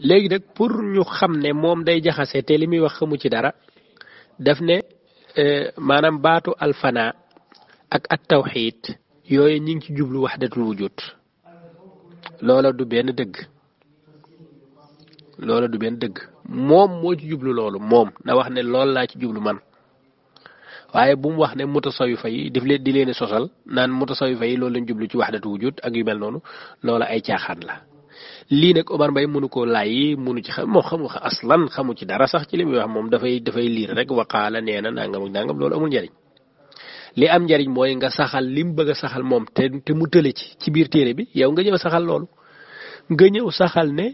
léegi nag pour ñu xam ne moom day jaxase te li muy wax xamu ci dara daf ne eh, maanaam baatu alfana ak at tawxiid yooyu ñi ngi ci jublu waxdatul wujud loola du benn dëgg loola du benn dëgg moom moo ci jublu loolu moom na wax ne loolu laa ci jublu man waaye bu mu wax ne mutasawifa yi daf leen di leen sosal naan mutasawifa yi loolu lañ jublu ci wax waxdatul wujud ak yu mel noonu loola ay caaxaan la lii nag Omar mbay mënu koo laay mënu ci xam moo xamu aslan xamu ci dara sax ci li moom dafay dafay liir rek waxaala nee na nangam ak nangam loolu amul njariñ li am njariñ mooy nga saxal li mu bëgg a saxal moom te te mu tële ci ci biir téere bi yow nga ñëw saxal loolu nga ñëw saxal ne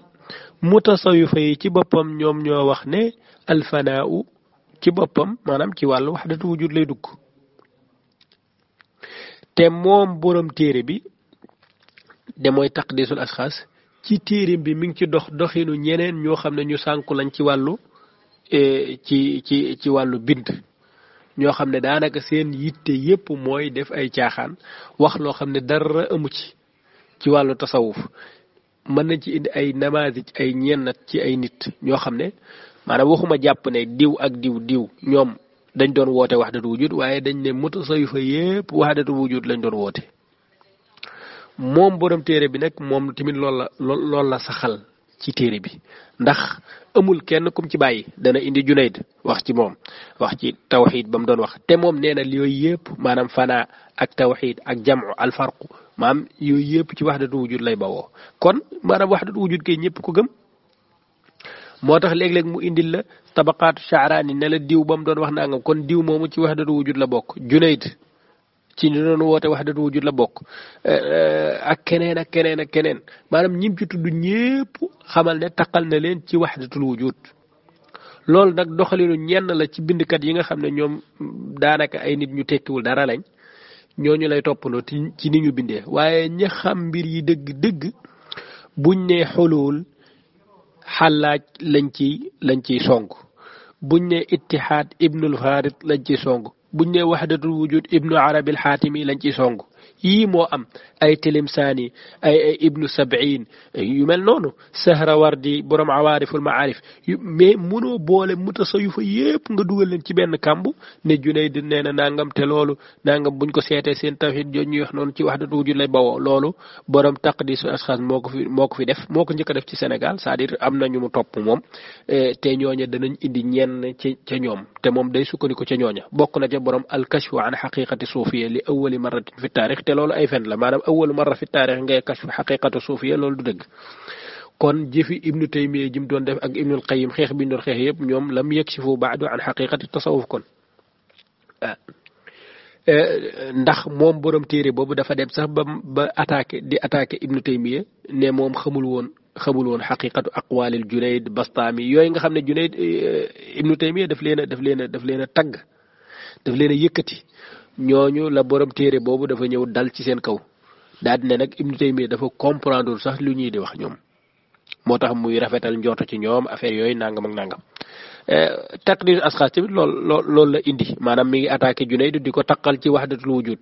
mutasawifa yi ci boppam ñoom ñoo wax ne alfanaaw ci boppam maanaam ci wàllu wax waxdatu wujud lay dugg te moom borom téere bi de mooy taqdisul asxaas ci téerim bi mi ngi ci dox doxinu ñeneen ñoo xam ne ñu sànku lañ ci wàllu e, ci ci ci wàllu bind ñoo xam ne daanaka seen yitte yépp mooy def ay caaxaan wax loo xam ne dara amu ci ci wàllu tasawuf mën nañ ci indi ay namaasi ay ñennat ci ay nit ñoo xam ne maanaam waxuma jàpp ne diw ak diw diw ñoom dañ doon woote wahdatu wujud waaye dañ ne mutasawwifa yépp wahdatu wujud lañ doon woote moom borom téere bi nag moom tamit loolu la loolu la saxal ci téere bi ndax amul kenn kum ci bàyyi dana indi Junayd wax ci moom wax ci tawxiid ba mu doon wax te moom nee na yooyu yëpp maanaam fanaa ak tawxiid ak jamu alfarqu maam yooyu yëpp ci wax waxdatu wujud lay bawoo kon maanaam waxdatu wujud kay ñëpp ko gëm moo tax léeg-léeg mu indil la tabaqaatu shaaraani ne la diw ba mu doon wax naa nangam kon diw moomu ci wax waxdatu wujud la bokk Junayd ci ñu doon woote wax datu wujud la bokk eh, eh, ak keneen ak keneen ak keneen maanaam ñim ci tudd ñépp xamal ne taqal na leen ci waxdatul wujud loolu nag doxalinu ñenn la ci bindkat yi nga xam ne ñoom daanaka ay nit ñu tekkiwul dara lañ ñooñu lay ti ci ni ñu bindee waaye ña mbir yi dëgg-dëgg buñ ne xulul xalaaj lañ ci lañ ciy song buñ ne ittihaad ibnul farid lañ ci song buñ ne waxdatul wujud ibnu arabi al xaatimi lañ ci song yii moo am ay tilimsaani ay ay ibnu sabiin yu mel noonu sahrawardi borom awaariful maarif mais munoo boole mutasawufa yëpp nga dugal leen ci benn kàmb ne Junayd nee na nangam te loolu nangam buñ ko seetee seen tawhid jooju ñuy wax noonu ci wahdatu wujud lay bawoo loolu borom taqdisu asxaas moo ko fi moo ko fi def moo ko njëkk def ci senegal cest à am na ñu mu topp moom e, te ñooña danañ indi ñenn ci ca ñoom te moom day sukkandiku ca ñooña bokk na ca borom alkashfu an xaqiqati suufiya li awwali maratin fi te loolu ay fen la maanaam awwalu marra fi taarix ngay kashf xaqiqatu suufiya loolu du dëgg kon jëfi ibnu taymiya jim doon def ak ibnul qayim xeex bi ndor doon xeex yëpp ñoom lam yakshifu baadu an xaqiqati tasawuf kon ndax moom borom téere boobu dafa dem sax ba ba attaqué di attaqué ibnu taymiya ne moom xamul woon xamul woon xaqiqatu aqwalil junayd bastaami yooyu nga xam ne junayd ibnu taymiya daf leen a daf leen a daf leen a tagg daf leen a yëkkati ñooñu la borom téere boobu dafa ñëw dal ci seen kaw daal ne nag Ibnu Taymiya dafa comprendre sax lu ñuy di wax ñoom moo tax muy rafetal njort ci ñoom affaire yooyu nangam ak nangam. Eh, taqrir asxaas tamit lool lool loolu la indi maanaam mi ngi attaqué Junayd di ko taqal ci wahdatul wujud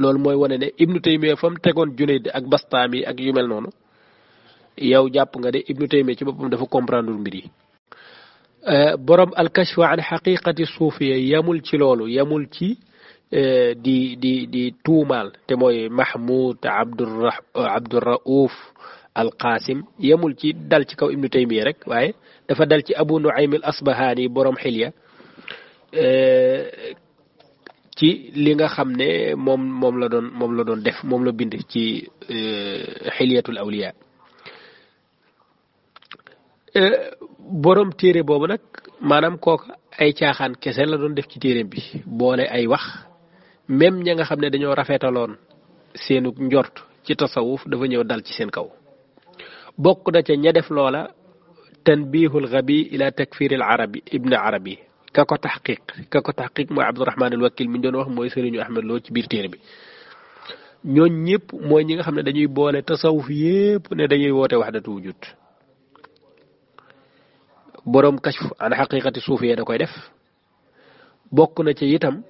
loolu mooy wane ne Ibnu Taymiya fa mu tegoon Junayd ak Bastaami ak yu mel noonu yow jàpp nga de Ibnu Taymiya ci boppam dafa comprendre mbir yi. Eh, borom al-kashf an xaqiqati suufiya yamul ci loolu yamul ci. Eh, di di di tuumaal te mooy Mahmoud Abdurra eh, Abdurraouf Alqasim yemul ci dal ci kaw Ibnu Taymiya rek waaye dafa dal ci Abu Nuaym al Asbahaani borom xilya eh, ci li nga xam ne moom moom la doon moom la doon def moom la bindi ci xilyatul awliya borom téere boobu nag maanaam kooku ay caaxaan kese la doon def ci téere bi boole ay wax même ña nga xam ne dañoo rafetaloon seenu njort ci tasawuf dafa ñëw dal ci seen kaw bokk na ca ña def loola tanbihul gabi ila takfiril arabi ibn arabi ka ko taxqiq ka mooy abdurahman al wakil mi ñu doon wax mooy sëriñu ahmed lool ci biir téere bi ñooñ ñëpp mooy ñi nga xam ne dañuy boole tasawuf yépp ne dañuy woote waxdatu wujud boroom kashf an xaqiqati suufiya da koy def bokk na ci itam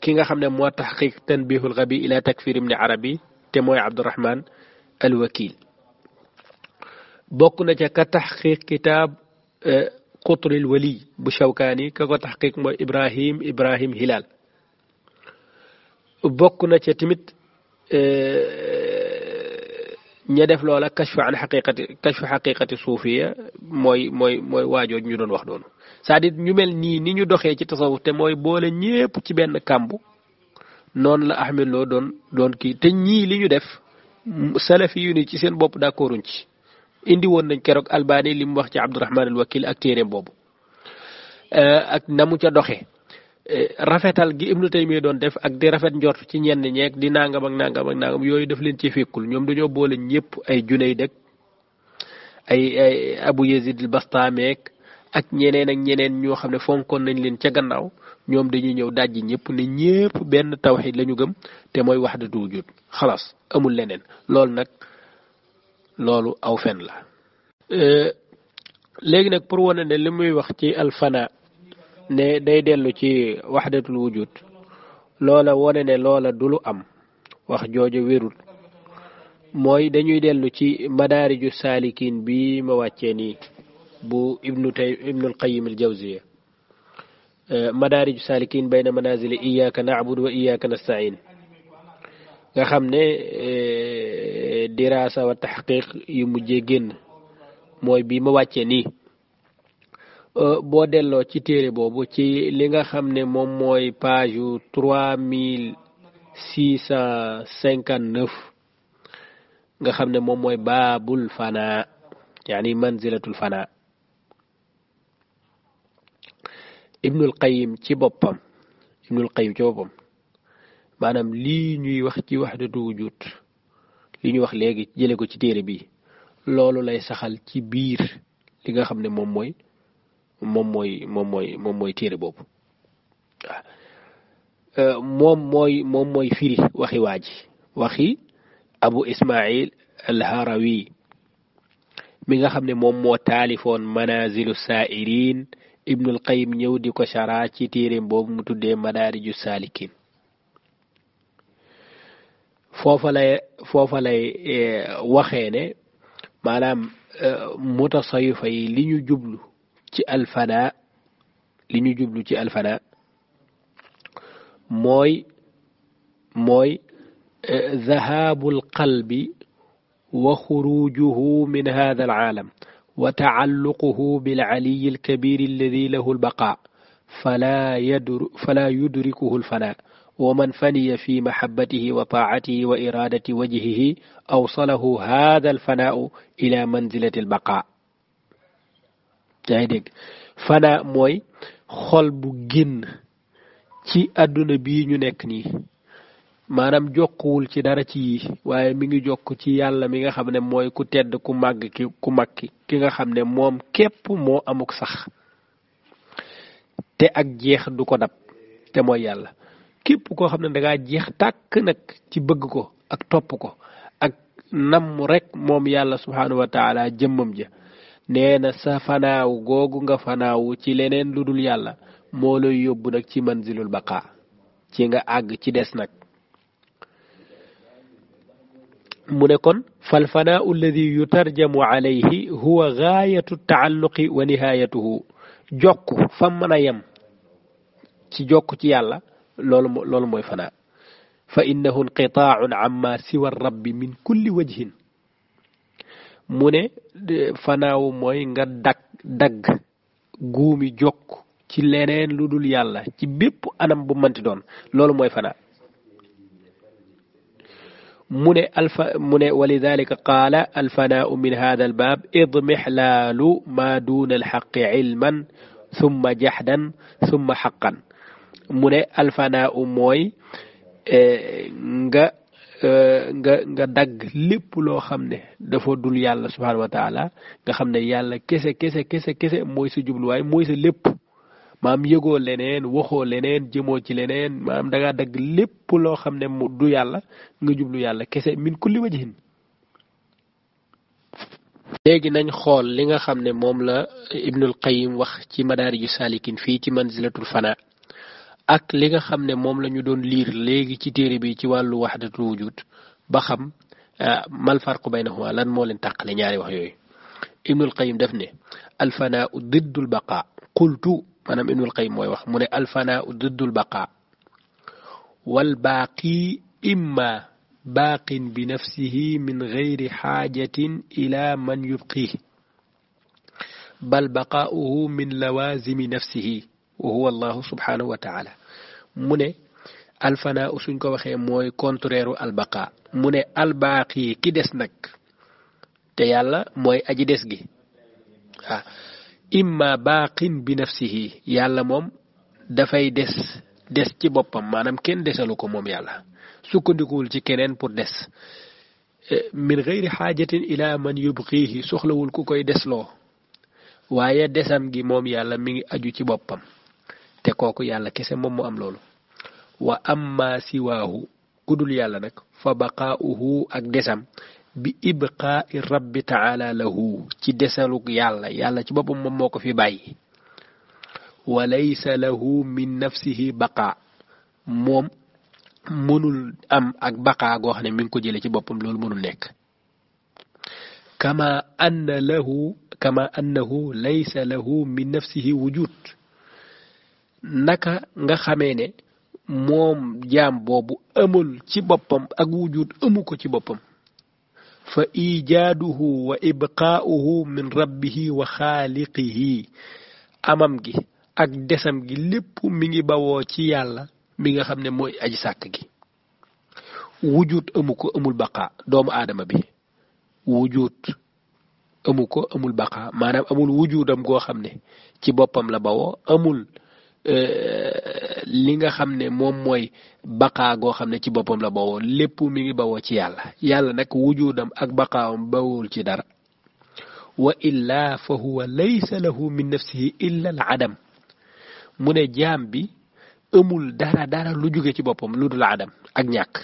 ki nga xam ne moo taxqiq tanbihul gabi ila takfir ibni arabi te mooy abdurahman al wakil bokk na ca ka taxqiq kitaab qutril wali bu shawkaani ka ko taxqiq mooy ibrahim ibrahim hilal bokk na ca tamit ña def loola kashfu an xaqiqati kashfu xaqiqati suufiya mooy mooy mooy waajooj ñu doon wax doonu cest di ñu mel nii ni ñu doxee ci tasawuf te mooy boole ñépp ci benn kàmb noonu la Ahmed Lo doon doon kii te ñii li ñu def salafi yu ni ci seen bopp d'accorduñ ci indi woon nañ keroog albani li mu wax ci Abdourahman al Wakil ak téeréem boobu euh, ak na mu ca doxee Eh, rafetal gi ibnu taymiya doon def ak di rafet njort ci ñenn ñeeg di nangam ak nangam ak nangam yooyu daf leen ci fekkul ñoom dañoo boole ñëpp ay junay dëkk ay ay abu yazid al meek ak ñeneen ak ñeneen ñoo xam ne fonkoon nañ leen ca gannaaw ñoom dañuy ñëw yi ñëpp ne ñëpp benn tawxid lañu gëm te mooy wax waxdatu wujud xalaas amul leneen loolu nag loolu aw fen la eh, léegi nag pour wane ne li muy wax ci alfana ne day dellu ci waxdatul wujud loola wone ne loola du am wax jooju wérul mooy dañuy dellu ci madaariju saalikiin bi ma wàcce ni bu ibnu tay ibnul qayim al jawziya eh, madaariju saalikiin bayna manazili iyaaka naabudu wa iyaaka nastain nga xam ne eh, diraasa wa taxqiq yu mujjee génn mooy bi ma wàccee nii Euh, boo delloo ci téere boobu ci li nga xam ne moom mooy page yu trois mille six cinquante neuf nga xam ne moom mooy baabul fanaa yaani manzilatul fanaa ibnul qayim ci boppam ibnul qayim ci boppam maanaam lii ñuy wax ci waxdatu wujud li ñuy wax léegi jële ko ci téere bi loolu lay saxal ci biir li nga xam ne moom mooy moom mooy moom mooy moom téere boobu waaw euh, moom mooy moom mooy firi waxi waa ji waxi abu ismail alharawi mi nga xam ne moom moo taalifoon manazilu saairin ibnul qayim ñëw di ko chara ci téeréem boobu mu tuddee madaariju saalikin foofa lay foofa lay eh, waxee ne maanaam euh, mutasawifa yi li ñu jublu ci alfana li ñu jublu ci alfana mooy mooy ذهاب القلب وخروجه من هذا العالم وتعلقه بالعلي الكبير الذي له البقاء فلا, يدر فلا يدركه الفناء ومن فني في محبته وطاعته وإرادة وجهه أوصله هذا الفناء إلى منزلة البقاء yaa dégg fanaa mooy xol bu génn ci àdduna bii ñu nekk nii maanaam jokkuwul ci dara ci yii waaye mi ngi jokk ci yàlla mi nga xam ne mooy ku tedd ku màgg ki ku mag ki ki nga xam ne moom képp moo amuk sax te ak jeex du ko dab te mooy yàlla képp koo xam ne dangaa jeex tàkk nag ci bëgg ko ak topp ko ak nam rekk moom yàlla subhaanahu wa taala jëmmam ja nee na sa fanaaw googu nga fanaawu ci leneen lu dul yàlla moo lay yóbbu nag ci manzilul baqaa ci nga àgg ci des nag mu ne kon fal fanaau alladi yutarjamu alayhi huwa gaayatu taalluqi wa nihaayatuhu jokk fa mën a yem ci jokk ci yàlla loolu mooy fanaa fa innahu inqitaaun amma siwa rabbi min kulli wajhin mu ne mooy nga dag dagg guumi jokk ci leneen lu dul yàlla ci bépp anam bu manti doon loolu mooy fanaa mu ne alfa mu ne walidalika qaala alfanaau min hada albaab duuna alxaqi ilman summa jaxdan summa xaqan mu ne mooy eh, nga Euh, nga nga dagg lépp loo xam ne dafa dul yàlla subhaanahu wa taala nga xam ne yàlla kese kese kese kese mooy sa jubluwaay mooy sa lépp maam yëgoo leneen waxoo leneen jëmoo ci leneen maam danga dagg lépp loo xam ne mu du yàlla nga jublu yàlla kese min kulli wajhin léegi nañ xool li nga xam ne moom la Ibnul Qayyim wax ci madaariju saalikin fii ci man manzilatul fanaa ak li nga xam ne moom la ñu doon lire léegi ci téere bi ci wàllu waxdatul wujud ba xam mal farqu baynahuma lan moo leen tàqale ñaari wax yooyu ibnul qayim def ne alfanaau diddul baqa qultu maanaam ibnul qayim mooy wax mu ne alfanaau diddul baqa wal baaqi imma باق بنفسه من غير حاجة إلى من يبقيه بل بقاؤه من لوازم نفسه وهو الله سبحانه وتعالى mu ne alfana suñ ko waxee mooy contreeru u mu ne albaaqi ki des nag te yàlla mooy aji des gi waaw imma baaqin bi nafsihi yàlla moom dafay des des ci boppam maanaam kenn desalu ko moom yàlla sukkandikuwul ci keneen pour des eh, min geyri xaajatin ila man yubqihi soxlawul ku koy desloo waaye desam gi moom yàlla mi ngi aju ci boppam te kooku yàlla kese moom mu am loolu wa amma siwaahu ku dul yàlla nag fa baqaauhu ak desam bi ibqaai rabbi taala lahu ci desalu yàlla yàlla ci boppam moom moo ko fi bàyyi wa laysa lahu min nafsihi baqaa moom mënul am ak baqaa goo xam ne mi ngi ko jële ci boppam loolu mënul nekk kama anna lahu kama annahu laysa lahu min nafsihi wujud naka nga xamee ne moom jaam boobu amul ci boppam ak wujud amu ko ci boppam fa ijaaduhu wa ibqaauhu min rabbihi wa xaaliqihi amam gi ak desam gi lépp mu ngi bawoo ci yàlla mi nga xam ne mooy aji sàkk gi wujud amu ko amul baqaa doomu aadama bi wujud amu ko amul baqaa maanaam amul wujudam goo xam ne ci boppam la bawoo amul Euh, li nga xam ne moom mooy baqaa goo xam ne ci boppam la bawoo lépp mi ngi bawoo ci yàlla yàlla nag wujudam ak baqaawam bawul ci dara wa illaa fa huwa laysa lahu min nafsihi illa al mu ne jaam bi amul dara dara lu jóge ci boppam lu dul adam ak ñàkk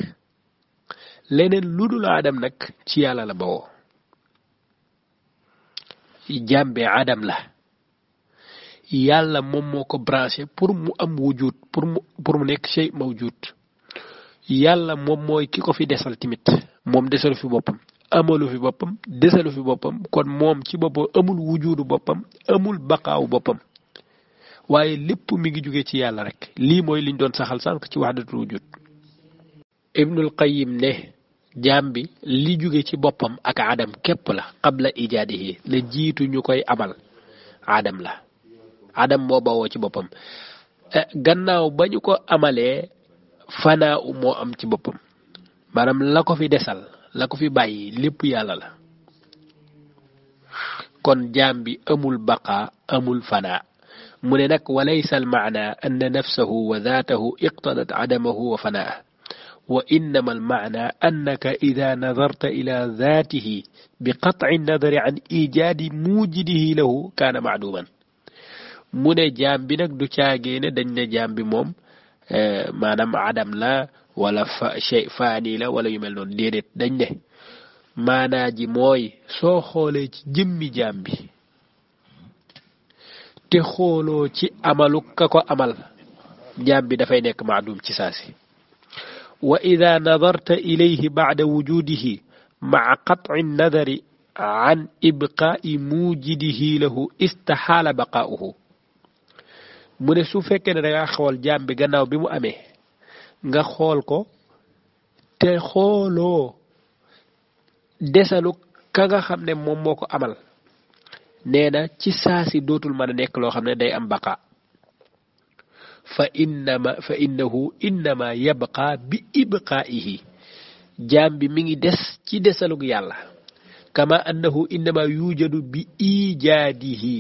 leneen lu dul adam nag ci yàlla la bawoo jaam bi adam la yàlla moom moo ko branché pour mu am wujud pour mu pour mu nekk shay mawjud yàlla moom mooy ki ko fi desal tamit moom desalu fi boppam amalu fi boppam desalu fi boppam kon moom ci boppam amul wujudu boppam amul baqaawu boppam waaye lépp mi ngi jóge ci yàlla rek lii mooy liñ doon saxal sànq ci waxdatul wujud ibnul qayim ne jaam bi li jóge ci boppam ak aadam képp la qabla ijaadihi la jiitu ñu koy amal aadam la adam mo bawo ci bopam gannaaw bañu ko amalé fana mo am ci bopam manam la ko fi dessal la ko fi bàyyi lépp yàlla la kon jambi amul baqa amul fana mune nak walaysa al ma'na anna nafsuhu wa dhatuhu iqtadat adamahu wa fanaa وإنما المعنى أنك إذا نظرت إلى ذاته بقطع النظر عن إيجاد موجده له كان معدوما mu ne jaam bi nag du caagee dañ ne jaam bi moom eh, maanaam adam la wala fa faani la wala yu mel noon déedéet dañ ne maanaa ji mooy soo xoolee ci jëmmi bi te xooloo ci ka ko amal jaam bi dafay nekk maadum ci saasi wa ida nadarta ilayhi bacda wujudihi maca qatci nadari an ibqaa'i muujidihi lahu istaxaala baqaa'uhu mu ne su fekkee ne danga xool jaam bi gannaaw bi mu amee nga xool ko te xooloo desalu ka nga xam ne moom moo ko amal nee na ci saasi dootul mën a nekk loo xam ne day am baqa fa innama fa innahu innama yabqa bi ibqaihi jaam bi mi ngi des ci desalug yàlla kama annahu innama yuujadu bi ijaadihi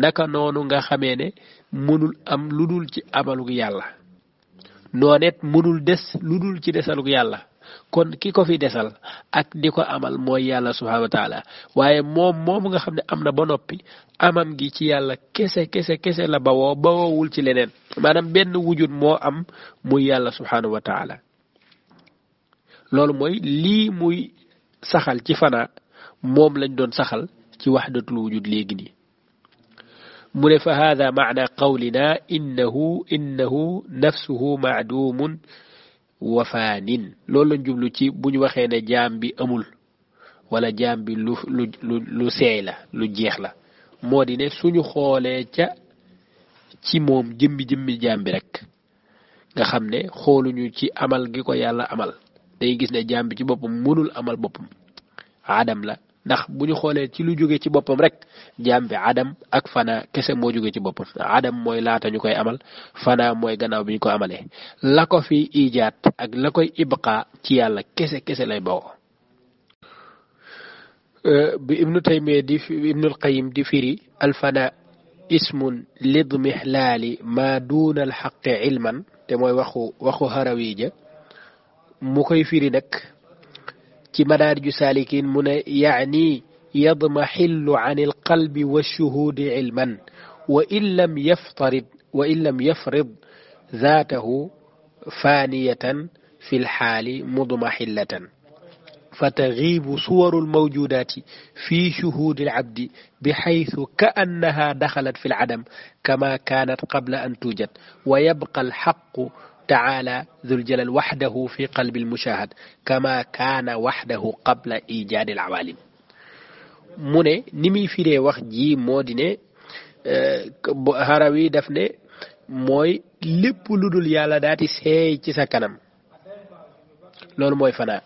naka noonu nga xamee ne mënul am lu dul ci amalug yàlla noonet mënul des lu dul ci desalug yàlla kon ki ko fi desal ak di ko amal mooy yàlla subhaanahu wa waaye moom moom nga xam ne am na ba noppi amam gi ci yàlla kese kese kese la bawoo bawoowul ci leneen maanaam benn wujud moo am muy yàlla subhaanahu wa taala loolu mooy lii muy saxal ci fanaa moom lañ doon saxal ci waxdatul wujud léegi nii mu ne fa hada maana qawlina innahu innahu nafsuhu maadumun wa faanin loolu lañ jublu ci bu ñu waxee ne jaam bi amul wala jaam bi lu lu seey la lu jeex la moo di ne suñu xoolee ca ci moom jëmmi jëmmi jaam bi rek nga xam ne xooluñu ci amal gi ko yàlla amal day gis ne jaam bi ci boppam mënul amal boppam aadam la ndax bu ñu xoolee ci lu jóge ci boppam rek jaam bi adam ak fana kese moo jóge ci boppam adam mooy laata ñu koy amal fana mooy gannaaw bi ñu ko amalee la ko fi ijaat ak la koy ibqa ci yàlla kese kese lay bokk euh, bi ibnu taymiya di ibnul qayim di firi alfana ismun lidmihlaali ma duna alxaqi ilman te mooy waxu waxu mu koy firi nag مدارج سالكين من يعني يضمحل عن القلب والشهود علما وإن لم يفترض وإن لم يفرض ذاته فانية في الحال مضمحلة فتغيب صور الموجودات في شهود العبد بحيث كأنها دخلت في العدم كما كانت قبل أن توجد ويبقى الحق تعالى ذو الجلال وحده في قلب المشاهد كما كان وحده قبل إيجاد العوالم مني نمي في ري وقت جي مودني هراوي دفني موي لب لدول يالا داتي سي جسا كنم لون موي فنا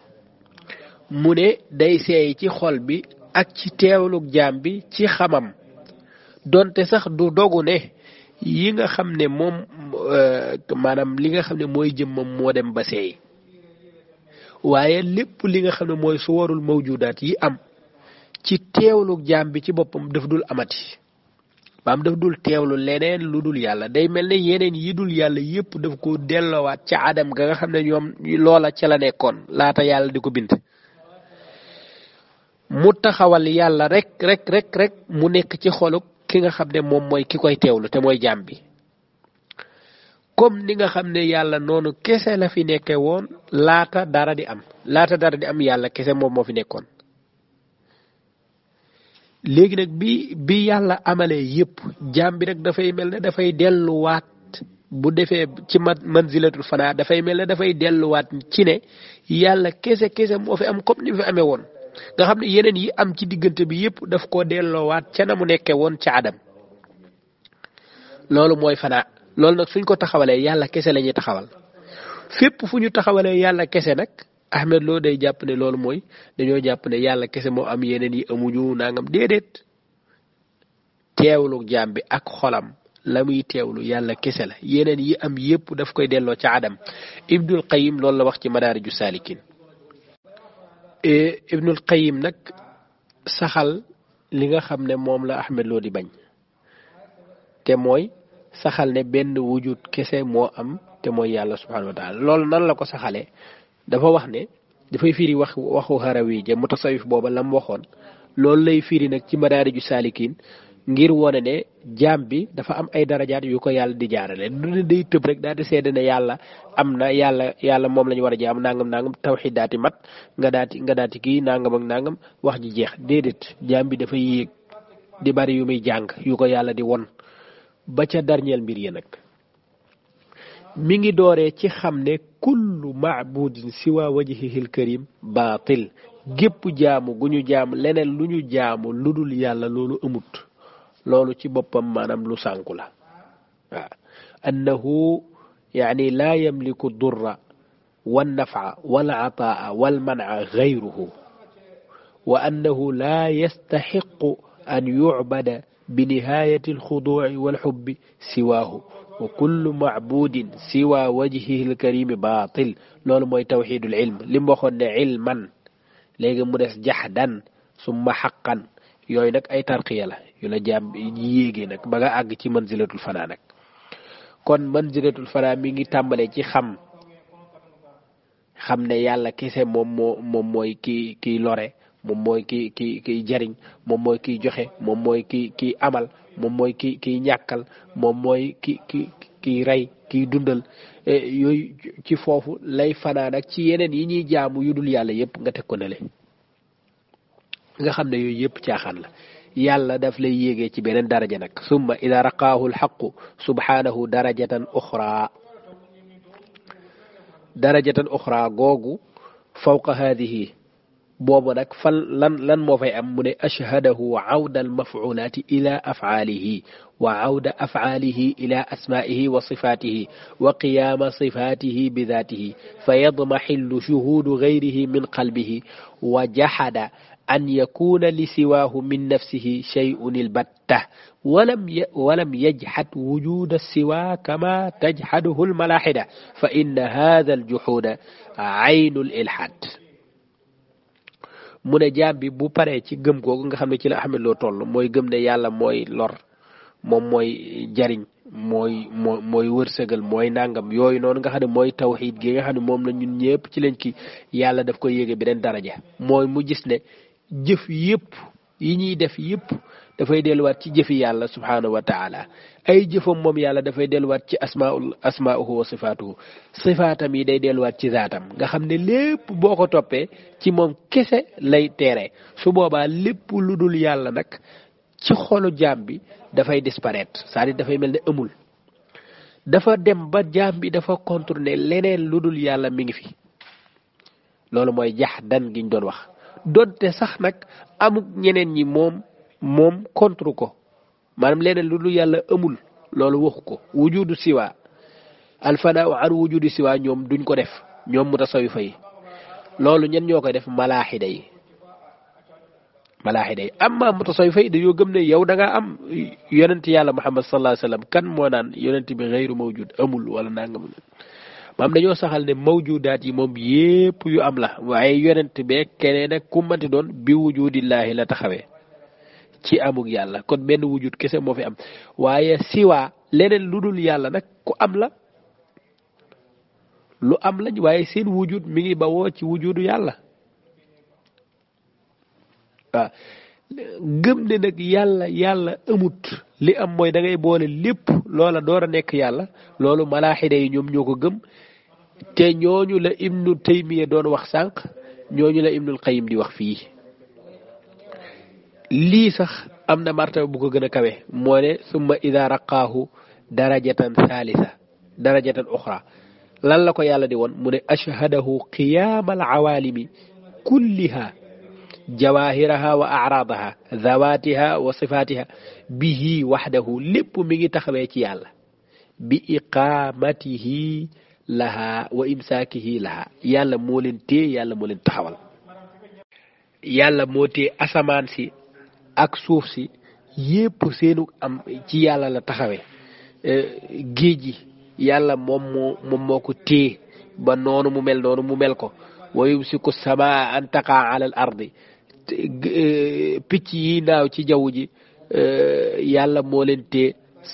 مني داي سي جي خول بي أكي تيولوك جامبي جي خمم دون تسخ دو دوغو نه yi nga xam ne moom euh, maanaam li nga xam ne mooy jëmmam moo dem ba seey waaye lépp li nga xam ne mooy su warul mawjudaat yi am ci teewlu jaam bi ci boppam daf dul amati maam daf dul teewlu leneen lu dul yàlla day mel ne yeneen yi dul yàlla yépp daf ko dellowaat ca aadam ga nga xam ne ñoom loola ca la nekkoon laata yàlla di ko bind mu taxawal yàlla rek rek rek rek mu nekk ci xolub ki nga xam ne moom mooy ki koy teewlu te mooy jaam bi comme ni nga xam ne yàlla noonu kese la fi nekke woon laata dara di am laata dara di am yàlla kese moom moo fi nekkoon léegi nag bi bi yàlla amalee yépp jaam bi nag dafay mel ne dafay delluwaat bu defee ci man manzilatul fanaa dafay mel ne dafay delluwaat ci ne yàlla kese kese moo fi am comme ni fi amee nga xam ne yeneen yi am ci diggante bi yëpp daf koo delloowaat ca na mu nekke woon ca adam loolu mooy fanaa loolu nag suñ ko taxawalee yàlla kese la ñuy taxawal fépp fu ñu taxawalee yàlla kese nag Ahmed Lo day jàpp ne loolu mooy dañoo jàpp ne yàlla kese moo am yeneen yi amuñu nangam déedéet teewlu jaam bi ak xolam la muy teewlu yàlla kese la yeneen yi am yëpp daf koy delloo ca adam Ibnul Qayyim loolu la wax ci madaariju saalikin Eh, ibnul qayim nag saxal li nga xam ne moom la Ahmed Lo di bañ te mooy saxal ne benn wujud kese moo am te mooy yàlla subhanahu wa lool loolu nan la ko saxalee dafa wax ne dafay firi wax waxu harawi ja mutasawif booba la mu waxoon loolu lay firi nag ci ju saalikiin ngir wone ne jambi, bi dafa am ay darajaat yu ko yalla di jaarale du day teub rek daal di sédé ne yalla am yalla yalla mom lañu wara jam nangam nangam tawhidati mat nga daati nga daati ki nangam ak nangam wax ji jeex dedet jam bi dafa yéeg di bari yu muy jang yu ko yalla di won ba ca darñel mbir ye ya nak mi ngi dooree ci xam kullu ma'budin siwa al karim batil gep jaamu guñu ñu leneen jaamu ludul amut لولو تي بوبام مانام لو sànku انه يعني لا يملك الضر والنفع والعطاء والمنع غيره وأنه لا يستحق أن يعبد بنهاية الخضوع والحب سواه وكل معبود سوى وجهه الكريم باطل لول موي توحيد العلم لم وخون علما لغي مودس جحدا ثم حقا يوي نك اي ترقيه لا yu la jaam yéegee nag ba nga àgg ci manzilatul fanaa nag kon manzilatul fanaa mi ngi tàmbalee ci xam xam ne yàlla kese moom moo moom mooy ki kiy lore moom mooy ki ki kiy jariñ moom mooy kiy joxe moom mooy ki kiy amal moom mooy ki kiy ñàkkal moom mooy ki ki kiy rey kiy dundal e, yooyu ci foofu lay fanaan ak ci yeneen yi ñuy jaamu yu dul yàlla yépp nga teg ko nele nga xam ne yooyu yépp caaxaan la يالا داف لي ييغي سي بنين دارجه نك ثم اذا رقاه الحق سبحانه درجه اخرى درجه اخرى غوغو فوق هذه بوبا نك فلن لن مو فاي ام اشهده عود المفعولات الى افعاله وعود افعاله الى اسمائه وصفاته وقيام صفاته بذاته فيضمحل شهود غيره من قلبه وجحد an yakuna li siwaahu min nafsihi shay'un ilbatta walam walam wujud wujuda siwa kama tajxaduhu almalaaxida fa inna hada aljuxuuda aynu lilxaad mu ne jaam bi bu paree ci gëm googu nga xam ne ci la Ahmed Lo toll mooy gëm ne yàlla mooy lor moom mooy jariñ mooy mooy mooy wërsëgal mooy nangam yooyu noonu nga xam ne mooy tawxiid gi nga xam ne moom la ñun ñëpp ci lañ ki yàlla daf koy yéege beneen daraja mooy mu gis jëf yépp yi ñuy def yépp dafay delluwaat ci jëfi yàlla subhaanahu wa ay jëfam moom yàlla dafay delluwaat ci asmaul asmauhu wa sifaatuhu sifaatam yi day delluwaat ci saatam nga xam ne lépp boo ko toppee ci moom kese lay teere su boobaa lépp lu dul yàlla nag ci xolu jaam bi dafay disparaître cest à dafay mel ne amul dafa dem ba jaam bi dafa contourner leneen lu dul yàlla mi ngi fi loolu mooy jax dan giñ doon wax donte sax nag amuk ñeneen ñi moom moom contre ko maanaam leneen lu lu yàlla amul loolu waxu ko wujudu siwa alfanaaw an wujudu siwa ñoom duñ ko def ñoom mutasawifa fay loolu ñen ñoo koy def malaaxida yi malaaxida yi amma fay yi yoo gëm ne yow danga am yonent yàlla muhammad sallallahu alayhi wa sallam kan moo naan yonent bi xeyru mawjud amul wala nangam maam dañoo saxal ne mawjudaat yi moom yépp yu am la waaye yonent bee keneen ak ku manti doon bi wujudillaahi la taxawee ci amuk yàlla kon benn wujud kese moo fi am waaye siwaa leneen lu dul yàlla nag ku am la lu am lañ waaye seen wujud mi ngi bawoo ci wujudu yàlla waaw gëm ne nag yàlla yàlla amut li am mooy dangay boole lépp loola door a nekk yàlla loolu malaaxide yi ñoom ñoo ko gëm te ñooñu la ibnu taymiya doon wax sànq ñooñu la ibnu qayim di wax fii lii sax am na martaba bu ko gën a kawe moo ne summa ida raqaahu darajatan thalitha darajatan uxra lan la ko yàlla di won mu ne ashhadahu qiyaama alawaalimi kulliha jawahiraha wa aradaha zawatiha wa sifatiha bihi waxdahu lépp mi ngi taxawee ci yàlla bi iqaamatihi lahaa wa imsaakihi lahaa yàlla moo leen téye yàlla moo leen taxawal yàlla moo téye asamaan si ak suuf si yépp seenu am ci yàlla la taxawee géej gi yàlla moom moo moom moo ko téye ba noonu mu mel noonu mu mel ko wa yumsiku samaa an taqaa ala al ardi picc yi naaw ci jaww ji yàlla moo leen téye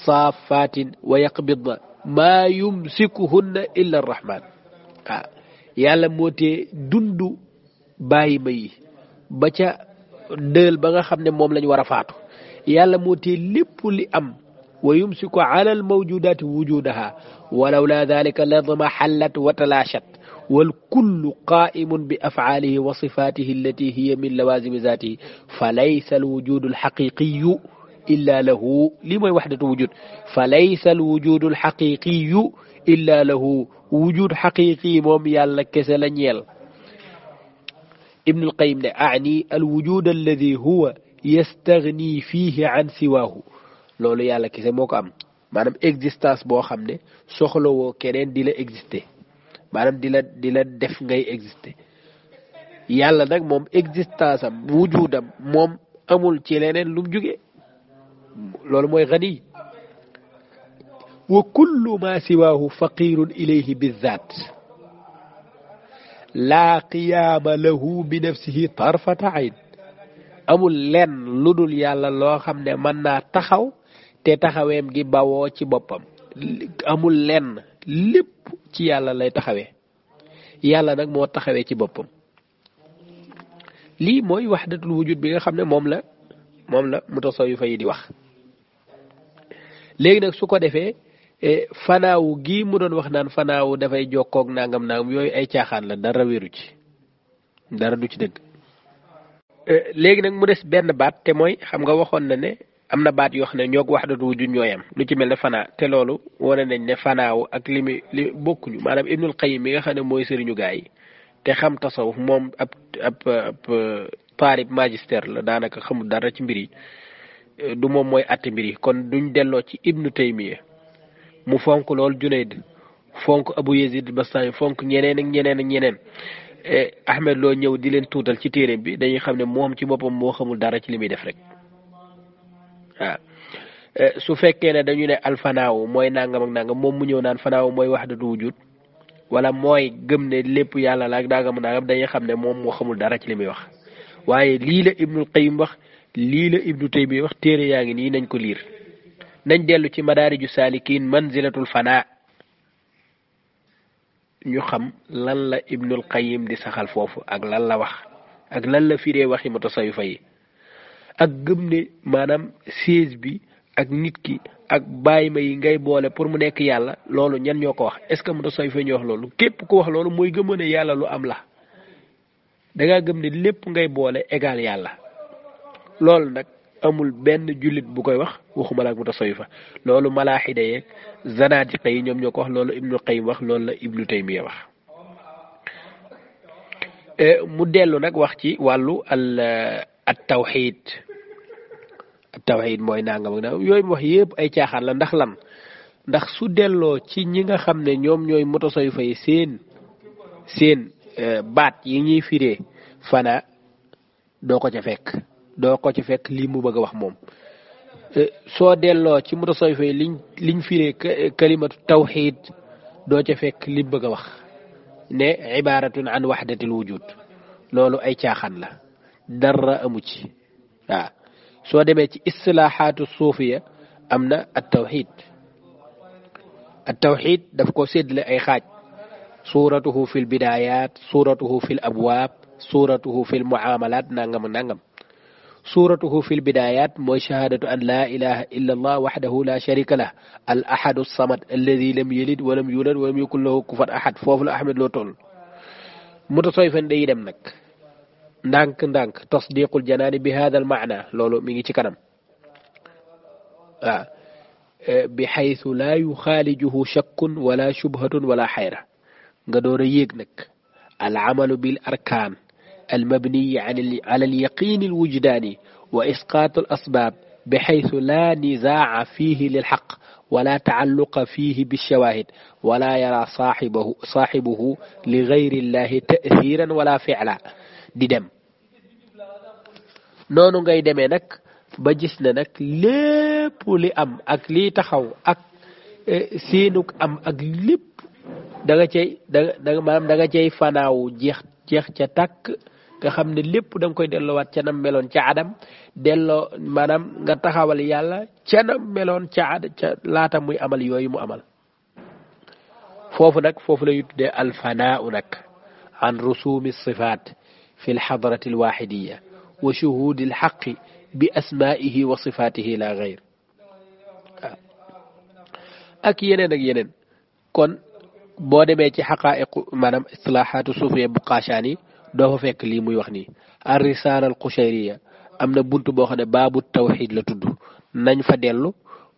saafaatin wa yaqbidna ما يمسكهن إلا الرحمن آه. يا لموتى دندو باي مي باتا ديل باغا خامني موم لا نيوارا فاتو يالا موتي ليپ ويمسك على الموجودات وجودها ولولا ذلك لضم حلت وتلاشت والكل قائم بافعاله وصفاته التي هي من لوازم ذاته فليس الوجود الحقيقي illa lahu lii mooy waxdatu wujud fa laysa al wujudu al xaqiqiyu illa lahu wujud xaqiqi moom yàlla kese la ñeel ibnul qayim ne aani al wujud alladi huwa yastagni fiihi an siwaahu loolu yàlla kese moo ko am maanaam existence boo xam ne soxlawoo keneen di la exister maanaam di la di la def ngay exister yàlla nag moom existence am wujudam moom amul ci leneen lu mu jóge loolu mooy xani wa kullu ma siwaahu faqirun ilayhi bizat laa qiyaama lahu bi nafsihi tarfata ayn amul lenn lu dul yàlla loo xam ne mën naa taxaw te taxaweem gi bawoo ci boppam amul lenn lépp ci yàlla lay taxawee yàlla nag moo taxawee ci boppam lii mooy wax waxdatul wujud bi nga xam ne moom la moom la mutasawwifa yi di wax léegi nag su ko defee e, fanaawu gii mu doon wax naan fanaawu dafay jokkook nangam nangam yooyu ay caaxaan la dara wéru ci dara du ci dëgg e, léegi nag mu des benn baat te mooy xam nga waxoon na ne am na baat yoo xam ne ñoog wax datu wujud ñooyam lu ci mel ne fanaa te loolu wane nañ ne fanaaw ak li mi li bokkuñu maanaam ibnul qayim mi nga xam ne mooy sëriñu gaa yi te xam tasawuf moom ab ab ab taarib magistère la daanaka xamul dara ci mbir yi Euh, du moom mooy àtte mbir yi kon duñ delloo ci ibnu taymiya mu fonk lool junayd fonk abu yazid bastaami fonk ñeneen ak ñeneen ñeneen eh, ahmed loo ñëw di leen tuutal ci téere bi dañuy xam ne moom ci boppam moo xamul dara ci li muy def rek waaw eh, su fekkee ne dañu ne alfanaaw mooy nangam ak moom mu ñëw naan fanaaw mooy wahdatu wujud wala mooy gëm lépp yàlla la ak daagam nangam xam ne moom moo xamul dara ci li muy wax waaye lii la ibnul qayyim wax lii la ibnu bi wax téere yaa ngi nii nañ ko liir nañ dellu ci madaariju saalikiin manzilatul fanaa ñu xam lan la ibnul qayim di saxal foofu ak lan la wax ak lan la firee waxi mutasawifa yi ak gëm ne maanaam siège bi ak nit ki ak bàyyi ma yi ngay boole pour mu nekk yàlla loolu ñan ñoo ko wax est ce que mutasawifa ñu wax loolu képp ku wax loolu mooy gëmoo ne yàlla lu am la danga gëm ne lépp ngay boole égal yàlla loolu nag amul benn jullit bu koy wax waxuma la ak mutasawifa loolu malaaxida yeeg zanaatiqa yi ñoom ñoo ko wax loolu ibnu qayyim wax loolu la ibnu taymiya wax eh, mu dellu nag wax ci wàllu al uh, at tawxid at tawxid mooy nangam ak nangam yooyu mu wax yëpp ay caaxaan la ndax lan ndax su delloo ci ñi nga xam ne ñoom ñooy mutasawifa yi seen seen uh, baat yi ñuy firee fana doo ko ca fekk doo ko ci fekk lii mu bëgg a wax moom soo delloo ci mutasawif yi liñ liñ firee kalimatu tawxid doo ca fekk li bëgg a wax ne ibaratun an waxdatil wujud loolu ay caaxaan la dara amu ci waaw soo demee ci istilahaatu suufiya am na at tawxid at tawxid daf ko séddale ay xaaj suuratuhu fi l bidayat suuratuhu fi l abwaab suuratuhu fi l muamalat nangam nangam سورته في البدايات مو شهادة أن لا إله إلا الله وحده لا شريك له الأحد الصمد الذي لم يلد ولم يولد ولم يكن له كفر أحد فوف الأحمد لو تول متصيفا دي دمك دانك دانك تصديق الجنان بهذا المعنى لولو ميجي تكرم آه. آه. بحيث لا يخالجه شك ولا شبهة ولا حيرة غدور يجنك العمل بالأركان المبني على اليقين الوجداني وإسقاط الأسباب بحيث لا نزاع فيه للحق ولا تعلق فيه بالشواهد ولا يرى صاحبه صاحبه لغير الله تأثيرا ولا فعلا ددم نونو غاي ديمي نك با جيسنا نك ليپ لي ام اك لي تخاو اك إيه، سينوك ام اك ليپ داغا تي داغا مام داغا تي فناو جيخ جيخ تاك nga xam ne lépp da koy delloowaat ca nam meloon ca adam delloo maanaam nga taxawal yàlla ca nam meloon ca laata muy amal yooyu mu amal foofu nag foofu la ñu tuddee alfanaau nag an rusumi sifaat fi lxadrati alwaxidiya wa shuhudi alxaqi bi asmaihi wa sifaatihi la gayr ak yeneen ak yeneen kon boo demee ci xaqaa'iqu maanaam istilahaatu suufiya bu qaashaani doo fa fekk lii muy wax nii ar risaala al qushayriya am na bunt boo xam ne baabu tawxid la tudd nañ fa dellu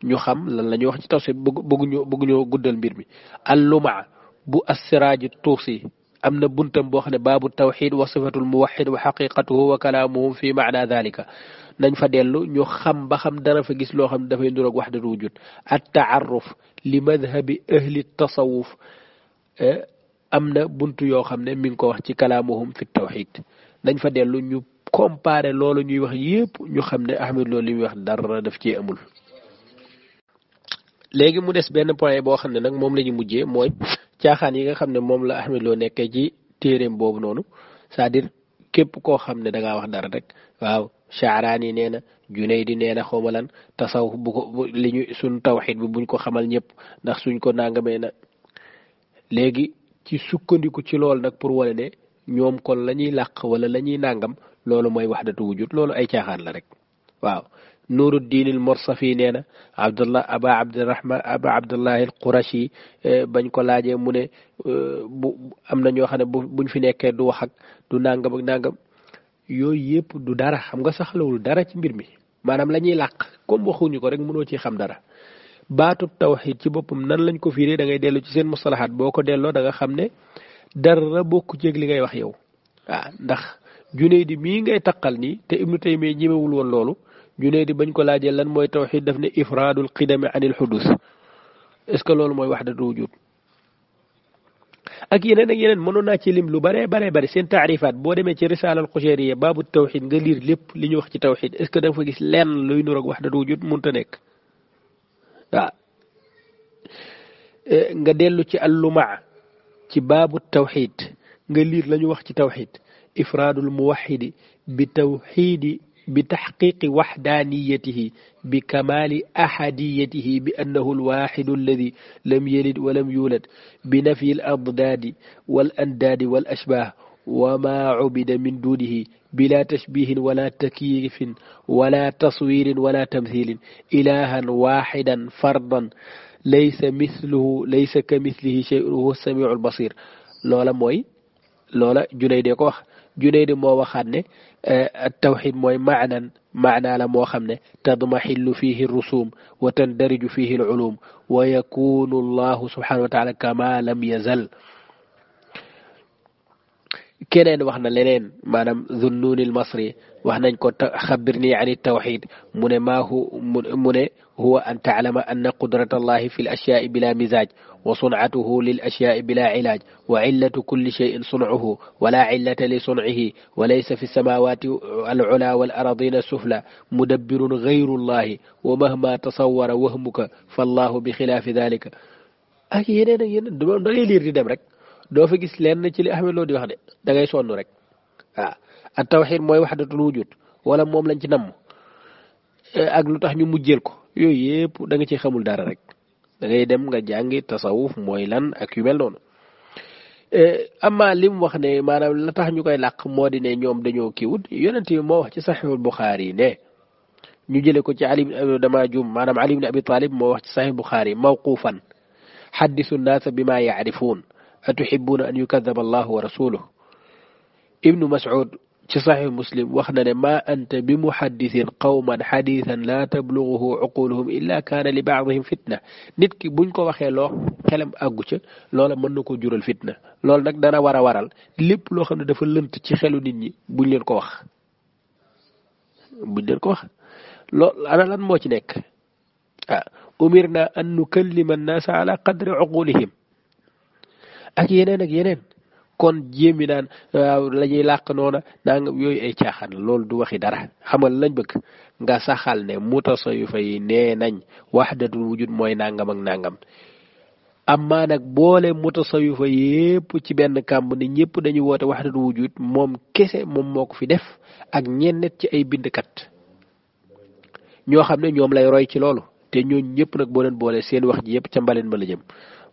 ñu xam lan la ñuy wax ci tafsir bëgguñu bëgguñoo guddal mbir mi al luma bu assiraaji tuusi am na buntam boo xam ne baabu tawxid wa sifatul muwaxid wa xaqiqatuhu wa kalaamuhum fi maana dalika nañ fa dellu ñu xam ba xam dara fa gis loo xam ne dafay nduroog waxdatu wujud at taaruf li madhabi ahli tasawuf am na bunt yoo xam ne mi ngi ko wax ci kalaamuhum fi tawxid nañ fa dellu ñu comparé loolu ñuy wax yépp ñu xam ne Ahmed loolu li muy wax dara daf cee amul. léegi mu des benn point boo xam ne nag moom la ñu mujjee mooy caaxaan yi nga xam ne moom la Ahmed Lo nekkee ci téereem boobu noonu cest à képp koo xam ne da ngaa wax dara rek waaw Chaaraan yi nee na Junayd di nee na xawma lan tasawuf bu ko li ñu suñ tawxid bi buñ ko xamal ñëpp ndax suñ ko nangamee na léegi ci sukkandiku ci loolu nag pour wane ne ñoom kon la ñuy làq wala la ñuy nàngam loolu mooy wax waxdatu wujud loolu ay caaxaan la rek waaw nuuru diinil morsafi nee na abdullah aba abdirahman aba abdullahi al qurashi eh, bañ ko laajee mu ne eh, bu am na ñoo ne bu buñ fi nekkee du wax ak du nàngam ak yooyu yëpp du dara xam nga saxlawul dara ci mbir mi maanaam la ñuy làq comme waxuñu ko rek mënoo ci xam dara baatub tawxiid ci boppam nan lañ ko fiiree da ngay dellu ci seen mustalahaat boo ko delloo da nga xam ne dara bokk jéeg li ngay wax yow waaw ndax Junayd mii ngay taqal nii te Ibnu Taymiya ñemewul woon loolu Junayd bañ ko laajee lan mooy tawxiid daf ne ifraadul qidami anil xudus est-ce que loolu mooy wahdatu wujud ak yeneen ak yeneen mënoon naa ci lim lu bare bare bare seen taarifaat boo demee ci risaala al Qushayriya baabu tawxiid nga liir lépp li ñu wax ci tawxiid est-ce que da fa gis lenn luy wax wahdatu wujud mënut a nekk. waaw ah. eh, nga dellu ci allumaa ci baabu tawxid nga liir la wax ci tawxid ifraadul muwaxidi bi بتحقيق وحدانيته بكمال أحديته بأنه الواحد الذي لم يلد ولم يولد بنفي الأضداد والأنداد والأشباه وما عبد من دونه بلا تشبيه ولا تكييف ولا تصوير ولا تمثيل إلها واحدا فردا ليس مثله ليس كمثله شيء وهو السميع البصير لولا موي لولا جنيد كوخ جنيد مو وخان آه، التوحيد موي معنى معنى لا مو تضمحل فيه الرسوم وتندرج فيه العلوم ويكون الله سبحانه وتعالى كما لم يزل كنن وحنا لنن ما نم ذنون المصري وحنا نكون خبرني عن التوحيد من ما هو من هو أن تعلم أن قدرة الله في الأشياء بلا مزاج وصنعته للأشياء بلا علاج وعلة كل شيء صنعه ولا علة لصنعه وليس في السماوات العلا والأراضين السفلى مدبر غير الله ومهما تصور وهمك فالله بخلاف ذلك أكيد يعني يعني دم رك doo fa gis lenn ci li Ahmed loo di wax de da ngay sonn rek waaw ak tawxiid mooy waxdatul wujud wala moom lañ ci namm eh, ak lu tax ñu mujjeel ko yooyu yëpp da nga ciy xamul dara rek da ngay dem nga jàngi tasawuf mooy lan ak yu mel noonu eh, amma li mu wax ne maanaam la tax ñu koy làq moo di ne ñoom dañoo kiiwut yonent bi moo wax ci saxiixul Buxaari yi ne ñu jëlee ko ci Ali dama juum maanaam Ali ibn Abi Talib moo wax ci saxiix Buxaari mawquufan xaddisu naasa bi maa yaarifuun أتحبون أن يكذب الله ورسوله ابن مسعود في صحيح مسلم وخنا ما أنت بمحدث قوما حديثا لا تبلغه عقولهم إلا كان لبعضهم فتنة نتك بنكو وخي لو كلام أغوش لولا منكو جور الفتنة لولا نك ورا وارا لب لو خنا دفع لنت تخلو نيني بنين كو وخ بنين لولا أنا لن موش آه. أمرنا أن نكلم الناس على قدر عقولهم ak yeneen ak yeneen kon jéemi naan lañuy la ñuy làq noona naa nga yooyu ay caaxaan lool loolu du waxi dara xamal lañ bëgg nga saxal ne mutasa yu fa yi nee nañ waxdatul wujud mooy nangam ak nangam amma nag boole mutasawifa yépp ci benn kàmb ne ñëpp dañuy woote waxdatul wujud moom kese moom moo ko fi def ak ñennet ci ay bindkat ñoo xam ne ñoom lay roy ci loolu te ñooñ ñëpp nag boo leen boole seen wax ji yëpp ca mbaleen ma la